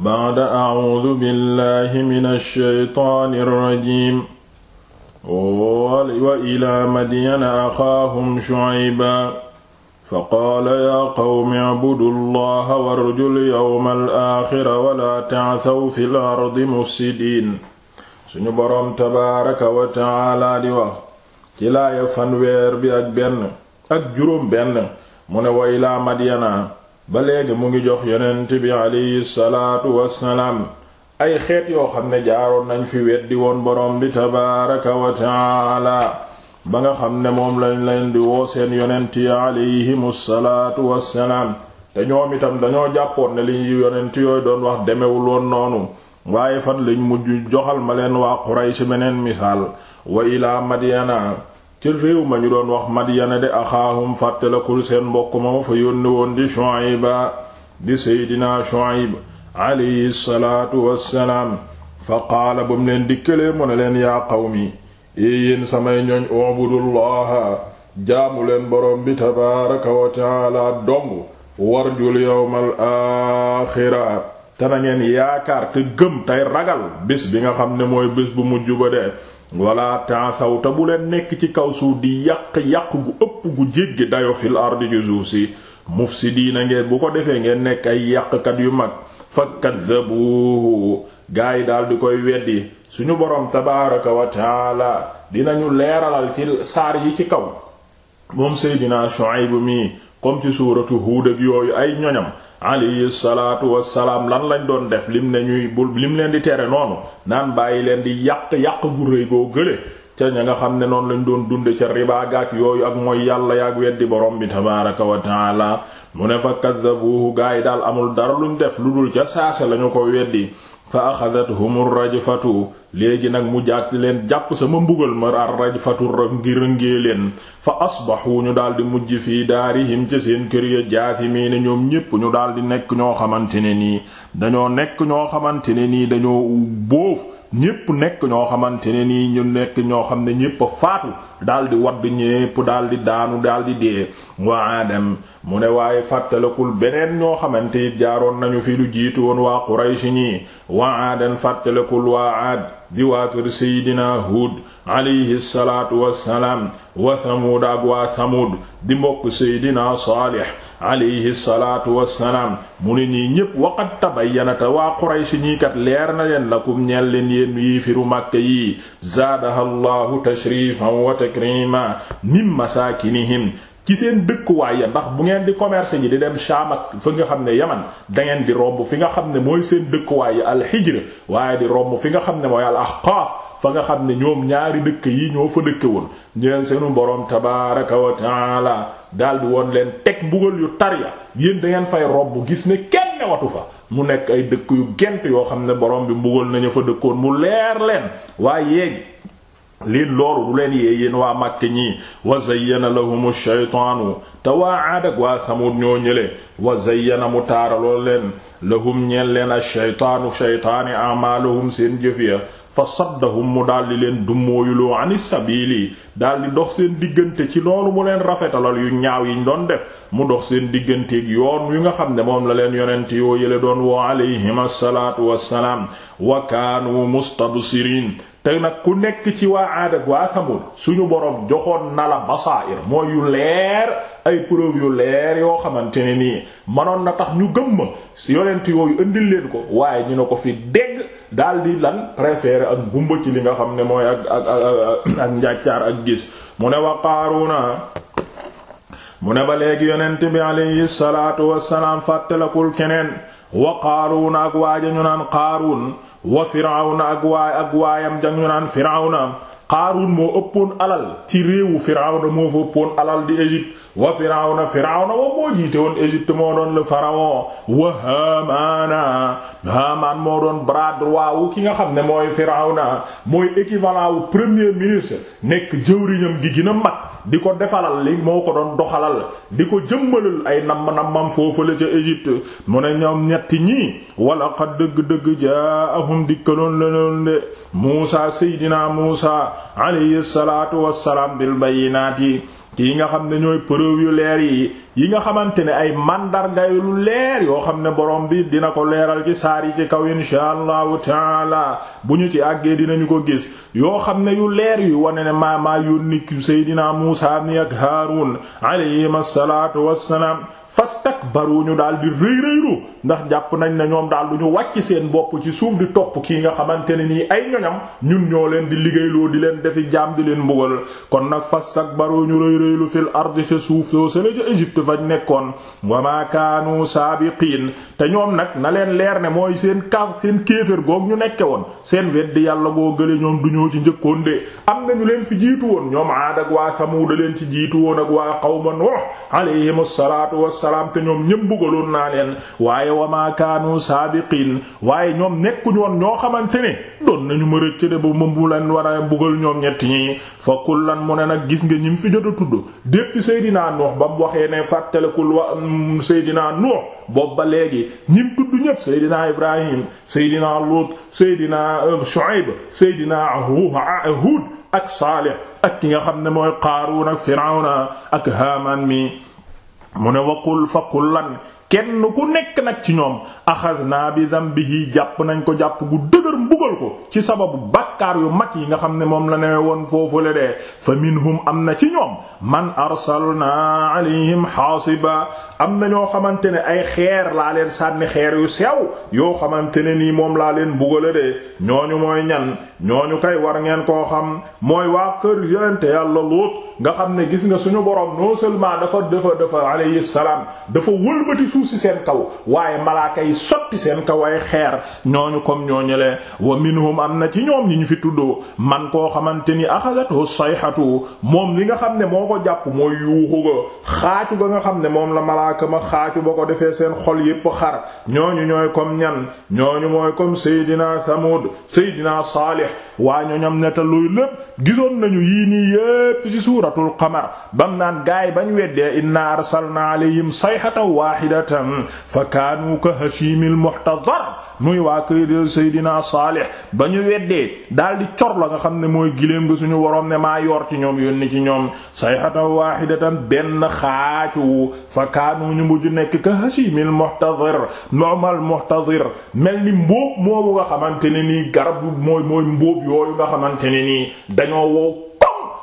ba'da a'uudu billahi mina shaytaani rajiim wa ilaa madyana axaahum shu'ayban fa qaala yaa qawmi i'budu llaha warju l-yawma al-aaxira wa laa ta'thaw fi l-ardi mufsidiin suñu boroom tabaaraka wa ta'aala di wax ci laaya fanweer bi ak benn ak juróom benn mu ne wa ilaa madyana ba léegi mu ngi jox yonent bi aleyhi salaatu wassalaam ay xeet yoo xam ne jaaroon nañ fi wet di woon borom bi tabaaraka wa taala ba nga xam ne moom lañ leen di woo seen yonent yi aleyhimu salaatu wassalaam te ñoom itam dañoo jàppoon ne li yonent yooyu doon wax demewul woon noonu waaye fan lañ mujj joxal ma leen waa ci beneen misaal wa ilaa Madyana ci réew ma ñu doon wax Madyana de axaahum fàttalakul seen mbokk ma fa yónni woon di Shuayba di seydinaa Shuayb alayhi salaatu wassalaam fa qaala ba mu leen dikkalee mu ne leen yaa qawmi yéen samay ñooñ ubudullaha jaamu leen borom bi tabaaraka wa taala dong warjul yawmal aaxira te na ngeen yaakaar te gëm tey ragal bés bi nga xam ne mooy bés bu mujj ba de wala taasaw te bu leen nekk ci kaw suuf di yàq yàq gu ëpp gu jéggi dayo fil ardi ci suuf si mufsidiina ngeen bu ko defee ngeen nekk ay yàqkat yu mag fa kaddabuhu gaa yi daal di koy weddi suñu boroom tabaaraka wa taala dinañu leeralal ci saar yi ci kaw moom seydinaa Shuayb mi comme ci suuratu Huud yooyu ay ñoñam alayhi salaatu lan lañu doon def lim ne ñuy bul lim leen di tere noonu naan bàyyi leen di yàq yàq bu rëy goo gële ca ña nga xam ne noonu lañ doon dunde ca riba gaak yooyu ak mooy yàlla yaak weddi borom bi tabaaraka wa taala mu ne fa kaddabuhu gaa yi daal amul dara lu ñu def lu dul ca saase lañu ko weddi fa axadathum rajfatu léegi nag mu jàpp leen jàpp sama mbugal ma ar rajfatu ngi rëngee leen fa asbaxu ñu daldi mujj fii daarihim ca seen kër ya jaatimi ne ñoom ñépp ñu daldi nekk ñoo xamante ne nii dañoo nekk ñoo xamante ne nii dañoo bóof ñépp nekk ñoo xamante ne nii ñu nekk ñoo xam ne ñépp a faatu daldi wadd ñépp daldi daanu daldi dee waa Aadam mu ne waaye fàttalakul beneen ñoo xamante it jaaroon nañu fi lu jiitu woon waa Quraysh ñi waa Aadan fàttalakul waa Aad di waa kër Seydina Hud alayhi salaatu wassalaam wa Thamud ak waa Thamud di mbokk Seydina Saalih alayhi salaatu wassalaam mu ne ñii ñépp waqat tabayyanata waa Quraysh ñii kat leer na leen lakum ñeel leen yéen yii firu Makka yii zaadaha Allahu tashrifan wa takrima min masaakinihim ci seen dëkkuwaay ya ndax bu ngeen di commerce ji di dem Sham ak fa nga xam ne Yaman da ngeen di romb fi nga xam ne mooy seen dëkkuwaay ya al-Hijr waaye di romb fi nga xam ne mooy al-Ahqaf fa nga xam ne ñoom ñaari dëkk yi ñoo fa dëkke woon ñu leen seenu boroom tabaraka wa taala daldi woon leen teg mbugal yu tar ya yéen da ngeen fay romb gis ne kenn watu fa mu nekk ay dëkk yu gent yoo xam ne borom bi mbugal nañu fa dëkkoon mu leer leen waaye liin loolu du leen yee yéen waa Màkk ñii wa zayyana lahumu shaytaanu te waa Aad ak waa Samuud ñoo ñële wa zayyana mu taaraloo leen lahum ñeel leen ash-shaytaanu shaytaani amaaluhum seen jëf ya fa saddahum mu daldi leen dummóoyuloo ani sabiili daldi dox seen diggante ci loolu mu leen rafetaloo yu ñaaw yiñ doon def mu dox seen digganteeg yoon yu nga xam ne moom la leen yonent yoo yële doon woo alayhim assalaatu wassalaam wa kaanu mustadsirin te nag ku nekk ci waa aada ak waa samul suñu boroom joxoon na la basaa'ir mooy yu leer ay preuve yu leer yoo xamante ne nii manoon na tax ñu gëm ma yonent yooyu indi leen ko waaye ñu ne ko fi dégg daal di lan préféré ak gumba ci li nga xam ne mooy ak ak ak njàccaar ak gis mu ne wa Qaaruuna mu ne ba léegi yonent bi alayhi salaatu wassalaam fàttalakul keneen wa Qaaruuna ak waaja ñu naan Qaaruun wa firawna ak waay ak waayam jang ñu naan firawna xaaruun moo ëppoon alal ci réewu firawna moo fa ëppoon alal di Égypte wa firawna firawna moom moo jiite woon Égypte moo doon le pharaon wa haamaana haamaan moo doon bras droit ki nga xam ne mooy firawna mooy équivalent wu premier ministre nekk jëwriñam gi gën a di ko defalal li moo ko doon doxalal di ko jëmmalal ay namm-nammam foofu la ca Égypte mu ne ñoom ñetti ñii wala xat dëgg-dëgg jaahum dikkaloon la loon de Muusa seydinaa Muusa alayhi salaatu wassalaam bil bayyinaati kii nga xam ne ñooy preuve yu leer yi yi nga xamante ne ay mandarga lu leer yoo xam ne borom bi dina ko leeral ci saar yi ci kaw insha allahu taala bu ñu ci àggee dinañu ko gis yoo xam ne yu leer yu wane ne maa maa yónni Seydina Muusa mi ak Haarun alayhim wa wassalaam fastakbaru ñu daal di rëy rëylu ndax jàpp nañ ne ñoom daal du ñu wàcc seen bopp ci suuf di topp kii nga xamante ne nii ay ñoñam ñun ñoo leen di liggéeyloo di leen defi jaam di leen mbugal kon nag fastakbaru ñu rëy rëylu fil ardi ca suuf soo sële ca Égypte fañ nekkoon wa ma kaanu saabiqiin te ñoom nag na leen leer ne mooy seen kaaf seen kéefër goog ñu nekke woon seen weddi yàlla goo gële ñoom du ñoo ci njëkkoon de am ñu leen fi jiitu woon ñoom Aad ak waa leen ci jiitu woon ak waa qawma wasalaam te ñoom ñëpp bugaloon naa leen waaye wa wamaakaanu saabiqiin waaye ñoom nekkuñu woon ñoo xamante ne doon nañu ma rëcc de ba mu leen war a bugal ñoom ñetti ñi fa kullan mu ne nag gis nga ñi fi jot a tudd depuis Seydina Nuux ba mu waxee ne fàttalikul wa mm, Seydina Nuux boobu ba léegi ñi tudd ñëpp Seydina Ibrahim Seydina Lut Seydina euh, Shuaib Seydina Huud ak Saalih ak ki nga xam ne mooy Qaaruun ak Firawna ak Haamaan mi mu ne waqul fa kullan kenn ku nekk nag ci ñoom axadnaa bi dambihi jàpp nañ ko jàpp gu dëgër mbugal ko ci sababu bàkkaar yu mag yi nga xam ne moom la ne woon foofule de fa minhum am na ci ñoom man arsalna alayhim xaasiba am na ñoo xamante ne ay xeer laa leen sànni xeer yu sew yoo xamante ne nii moom laa leen mbugale de ñooñu mooy ñan ñooñu kay war ngeen koo xam mooy waa kër yonente yàlla Luut nga xam ne gis nga suñu borom non seulement dafa dafa dafa alayhi salaam dafa wëlbati suuf si seen kaw waaye malaaka yi sotti seen kaw ay xeer ñooñu comme ñooñu le wa minhum am na ci ñoom yi ñu fi tuddoo man koo xamante ni axadatu sayxatu moom li nga xam ne moo ko jàpp mooy yuuxu ga xaacu ba nga xam ne moom la malaaka ma xaacu ba ko defee seen xol yépp xar ñooñu ñooy comme ñan ñooñu mooy comme Seydina Thamud seydinaa Salih waa ñoñam ne te luy lépp gisoon nañu yii nii yépp ci suuratul qamar bam naan gaay bañ weddee inna arsalna alayhim sayhatan waahidatan fa kaanu ka hashimil muhtadar muy waa kër seydina saalih ba ñu weddee daldi cor la nga xam ne mooy giléem nga suñu woroom ne maa yor ci ñoom yónni ci ñoom sayhatan waahidatan benn xaacu fa kaanu ñu mujj nekk ka hashimil muhtadar normal muhtadar mel ni mbóob moomu nga xamante ne nii garab mooy mooy mbóob yooyu nga xamante ne nii dañoo wow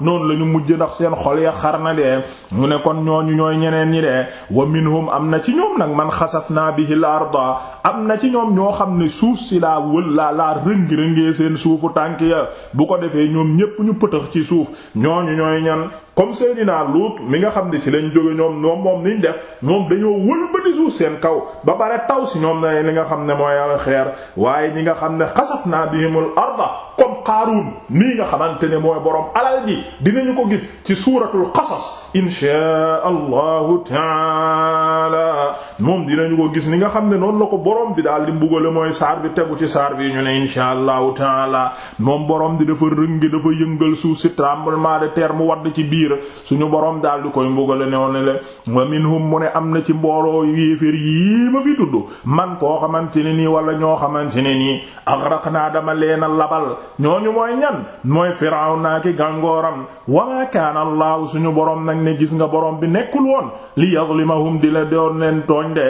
noonu la ñu mujj ndax seen xol ya xar na de mu ne kon ñooñu ñooy ñeneen ñi de wa minhum am na ci ñoom nag man xasaf naa bihil arda am na ci ñoom ñoo xam ne suuf si laa wël laa laa rëngi-rëngee seen suufu tànk ya bu ko defee ñoom ñépp ñu pëtëx ci suuf ñooñu ñooy ñan comme naa Luut mi nga xam ne ci lañ jóge ñoom moom moom niñ def ñoom dañoo wëlbati suuf seen kaw ba bare taw si ñoom na li nga xam ne mooy al xeer waaye ñi nga xam ne xasaf naa bihimul arda comme Qaaruun nii nga xamante ne mooy borom alal ji dinañu ko gis ci suuratul Qasas inshaa allahu taala moom dinañu ko gis ni nga xam ne noonu la ko borom bi daal di mbugale mooy saar bi tegu ci saar bi ñu ne inshaa allahu taala moom borom di dafa rënge dafa suuf si tremblement de ci biir la suñu borom daal di koy mbugale ne woon le wa minhum mu ne am na ci mbooloo yéeféer yii ma fi tudd man koo xamante ne nii walla ñoo xamante ne nii agraq naa dama leena labal ñooñu mooy ñan mooy Firawna ki gàngooram wa ma kaana Allahu suñu borom nag ne gis nga borom bi nekkul woon li yadhlimahum di la doon leen tooñ de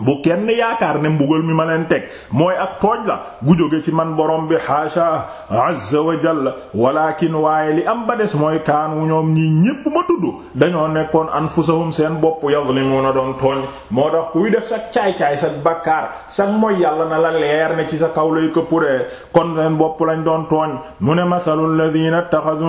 bu kenn yaakaar ne mbugal mi ma leen teg mooy ak tooj la gu jóge ci man borom bi xaasha azza wa jalla walakin waaye li am ba des mooy kaanu ñoom ñii ñépp tudd dañoo nekkoon anfusahum seen bopp yazlimuna doon tooñ moo tax kuy def sa caay-caay sa bakkaar sa mooy yàlla na la leer ne ci sa kaw lay këpp de kon seen bopp lañ doon tooñ mu ne masalul ladina taxasu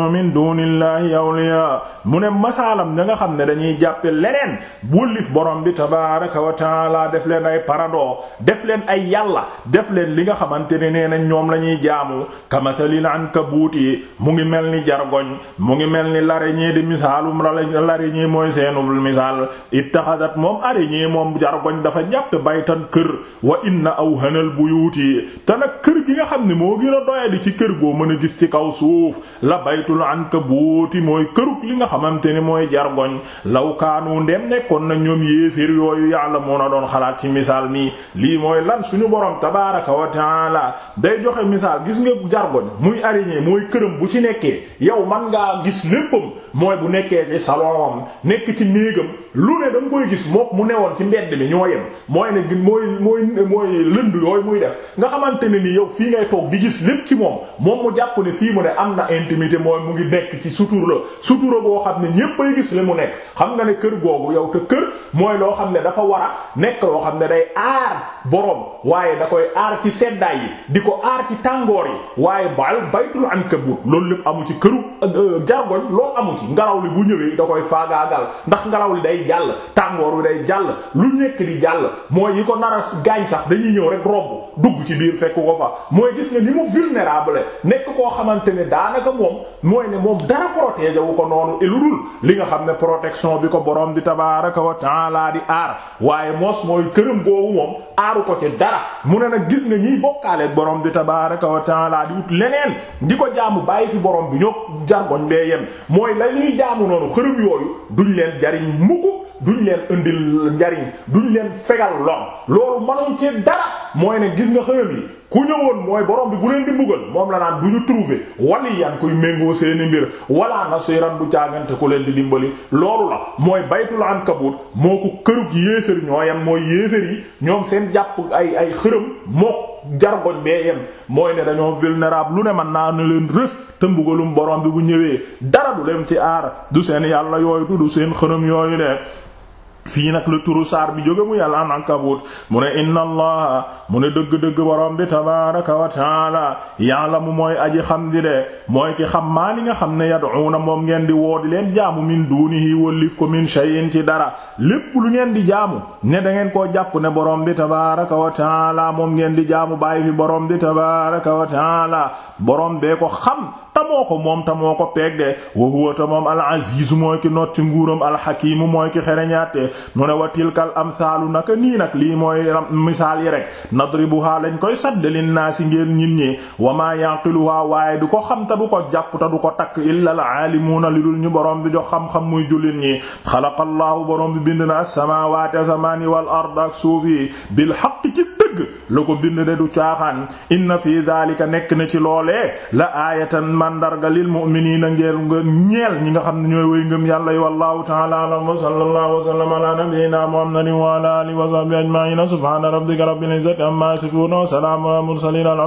min ne masaalam da nga xam ne dañuy jàppe leneen wëllif borom bi tabaraka wa taala def leen ay parado def leen ay yàlla def leen li nga xamante ne nee nañ ñoom la ñuy jaamu kamasalil ankabuuti mu ngi mel ni jargoñ mu ngi mel ni l'araignée de misaalum l'araignée mooy seenul misaal ittaxadat moom araignée moom jargoñ dafa jàppe baytan kër wa inna awhanal buyuti te nag kër gi nga xam ne moo gën a ci kër goo mën a gis ci kaw suuf la baytul ankabuuti mooy kërug li nga xamante ni mooy jargoñ law kaanu ndem nekkoon na ñoom yéeféer yooyu yàlla moo na doon xalaat ci misaal nii lii mooy lan suñu boroom tabaaraka wa taala day joxe misaal gis nga jargoñ muy araignée mooy këram bu ci nekkee yow man ngaa gis léppam mooy bu nekkee yeegi salon nekk ci néegam lu ne da koy gis mook mu newoon ci mbedd mi ñoo yem mooy ne mooy mooy mooy lënd yooyu muy def nga xamante ne nii yow fii ngay toog di gis lépp ci moom moom mu jàpp ne fii mu ne am na intimité mooy mu ngi nekk ci sutur la sutura boo xam ne ñépp ay gis mu nekk xam nga ne kër googu yow te kër mooy loo xam ne dafa war a nekk loo xam ne day aar boroom waaye da koy aar ci seddaay yi di ko aar ci tàngoor yi waaye baal baytul ankabut loolu lépp amu ci këru euh, jargoñ loolu amu ci ngelaw li bu ñëwee da koy faagaagal ndax ngelaw li day day jàll tàngoor wi day jàll lu nekk di jàll mooy yi ko nara a gaañ sax dañuy ñëw rek robb dugg ci biir fekk ko fa mooy gis nga ni mu vulnérable nekk koo xamante ne daanaka moom mooy ne moom dara protéger wu ko noonu ilurul li nga xam ne protection bi ko borom di tabaaraka wa taala di aar waaye moos mooy këram googu moom aaru ko ci dara mu ne nag gis nga ñiy bokkaale borom bi tabaaraka wa taala di ut leneen di ko jaamu bàyyi fi borom bi ñoo jargoñ bee mooy la ñuy jaamu noonu xërëm yooyu duñ duñ leen indil njariñ duñ leen fegal lor loolu mënuñ ci dara mooy ne gis nga xërëm yi ku ñëwoon mooy borom bi bu leen di mbugal moom la naan du ñu trouver wali yan koy méngoo seeni mbir wala nasiran du jàngante ko leen di dimbali loolu la mooy baytul ankabut moo ko kërug yéefér ñoo yem mooy yéefér yi ñoom seen jàpp ay ay xërëm mook jargoñ bee yem mooy ne dañoo vulnérable lu ne man naa ne leen rës te mbugalum borom bi bu ñëwee dara du leen ci aar du seen yàlla yooyu du du seen xërëm yooyu fii nag la turu saar bi jóge muy al ankabut mu ne inna mu ne dëgg-dëgg borom bi tabaraka wa taala ya'lamu mooy aji xam di de mooy ki xam maa li nga xam ne yad'una moom ngeen di woo leen jaamu min dunihi wallif ko min shay'in ci dara lépp lu ngeen di jaamu ne da ngeen koo jàpp ne borom bi tabaraka wa taala moom ngeen di jaamu bàyyi fi borom bi tabaraka wa taala borom bee ko xam moo ko moom ta moo ko peeg de wa huwa ta moom al aziz mooy ki not ci nguuram al hakim mooy ki xereñaate mu ne wa tilkal amsaalu naka nii nag lii mooy misaal yi rek nadribuha lañ koy sadd lin naasi ngeen ñin ñi wa ma yaqiluha waaye du ko xam ta du ko jàpp ta du ko takk illa al aalimuuna li dul ñu borom bi jox xam-xam muy jullit ñi xalaqallaahu borom bi bind na as-samaawaati asamaan yi wal ard ak suuf yi bil haqq dëgg la ko bind de du caaxaan inna fi daalika nekk na ci loolee la aayatan mandarga lil mu'miniina ngeel nga ñeel ñi nga xam ne ñooy way ngëm yàlla yi wallahu ta'ala a'lam wa sallallahu wa sallama ala nabiyyina muhammadin wa ala alihi wa sahbihi ajma'in subhana rabbika rabbil izzati amma yasifun wa salamun ala mursalin